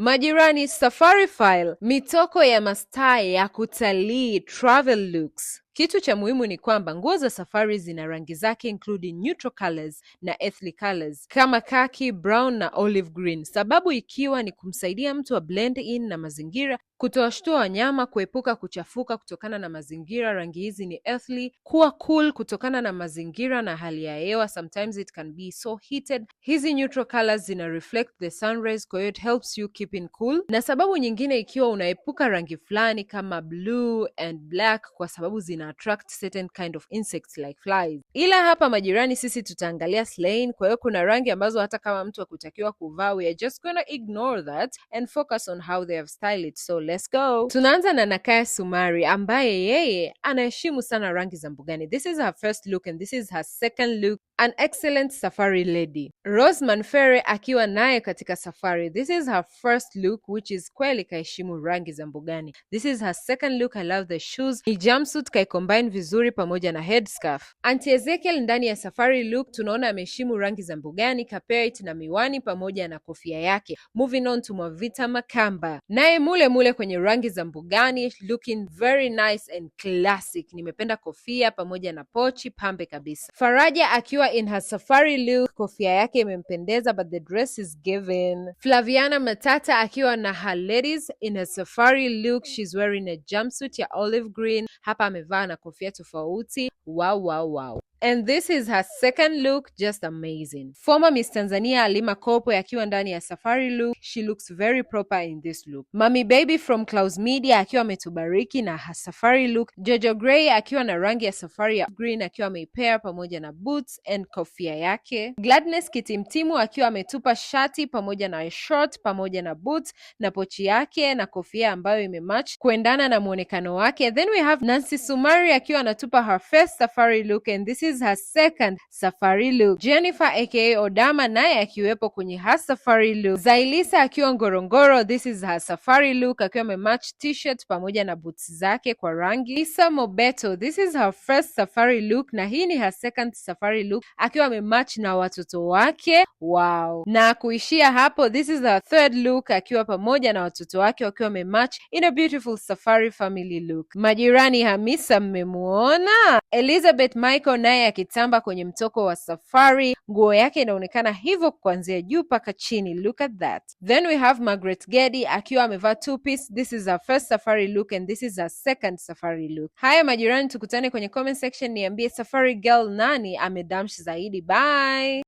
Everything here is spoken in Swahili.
Majirani Safari File, mitoko ya mastaa ya kutalii Travel Looks kitu cha muhimu ni kwamba nguo za safari zina rangi zake including neutral colors na ethnic colors kama khaki, brown na olive green, sababu ikiwa ni kumsaidia mtu wa blend in na mazingira, kutoashtua wanyama, kuepuka kuchafuka kutokana na mazingira. Rangi hizi ni earthly, kuwa cool kutokana na mazingira na hali ya hewa, sometimes it can be so heated. Hizi neutral colors zina reflect the sun rays, kwa hiyo it helps you keep in cool. Na sababu nyingine ikiwa unaepuka rangi fulani kama blue and black kwa sababu zina attract certain kind of insects like flies. Ila hapa majirani, sisi tutaangalia slain. Kwa hiyo kuna rangi ambazo hata kama mtu akutakiwa kuvaa, we are just gonna ignore that and focus on how they have styled it. So let's go. Tunaanza na Nakaya Sumari ambaye yeye anaheshimu sana rangi za mbugani. This is her first look and this is her second look. An excellent safari lady. Rose Manfere akiwa naye katika safari. This is her first look which is kweli kaheshimu rangi za mbugani. This is her second look. I love the shoes. Hii jumpsuit kai imecombine vizuri pamoja na headscarf. Anti Ezekiel ndani ya safari look tunaona ameheshimu rangi za mbugani, carpet na miwani pamoja na kofia yake. Moving on to Mwavita Makamba, naye mule mule kwenye rangi za mbugani, looking very nice and classic. Nimependa kofia pamoja na pochi, pambe kabisa. Faraja akiwa in her safari look, kofia yake imempendeza, but the dress is given. Flaviana Matata akiwa na her ladies in her safari look, she's wearing a jumpsuit ya olive green, hapa amevaa na kofia tofauti. Wow, wow, wow. And this is her second look, just amazing. Former Miss Tanzania alima Kopo akiwa ndani ya safari look, she looks very proper in this look. Mami Baby from Clouds Media akiwa ametubariki na her safari look. Jojo Grey akiwa na rangi ya safari ya green akiwa ameipair pamoja na boots and kofia yake. Gladness Kitimtimu akiwa ametupa shati pamoja na short pamoja na boots na pochi yake na kofia ambayo imematch kuendana na mwonekano wake. Then we have Nancy Sumari akiwa anatupa her first safari look and this is is her second look. Jennifer aka Odama naye akiwepo kwenye her look. Zailisa akiwa Ngorongoro, this is her safari look akiwa amematch t-shirt pamoja na boots zake kwa rangi. Lisa Mobeto, this is her first safari look na hii ni her second safari look akiwa amematch na watoto wake. Wow! Na kuishia hapo, this is her third look akiwa pamoja na watoto wake wakiwa wamematch in a beautiful safari family look. Majirani Hamisa, mmemuona? Elizabeth Michael naye akitamba kwenye mtoko wa safari, nguo yake inaonekana hivyo kuanzia juu mpaka chini, look at that. Then we have Margaret Gedi akiwa amevaa two piece, this is her first safari look and this is her second safari look. Haya majirani, tukutane kwenye comment section, niambie safari girl nani amedamsh zaidi. Bye.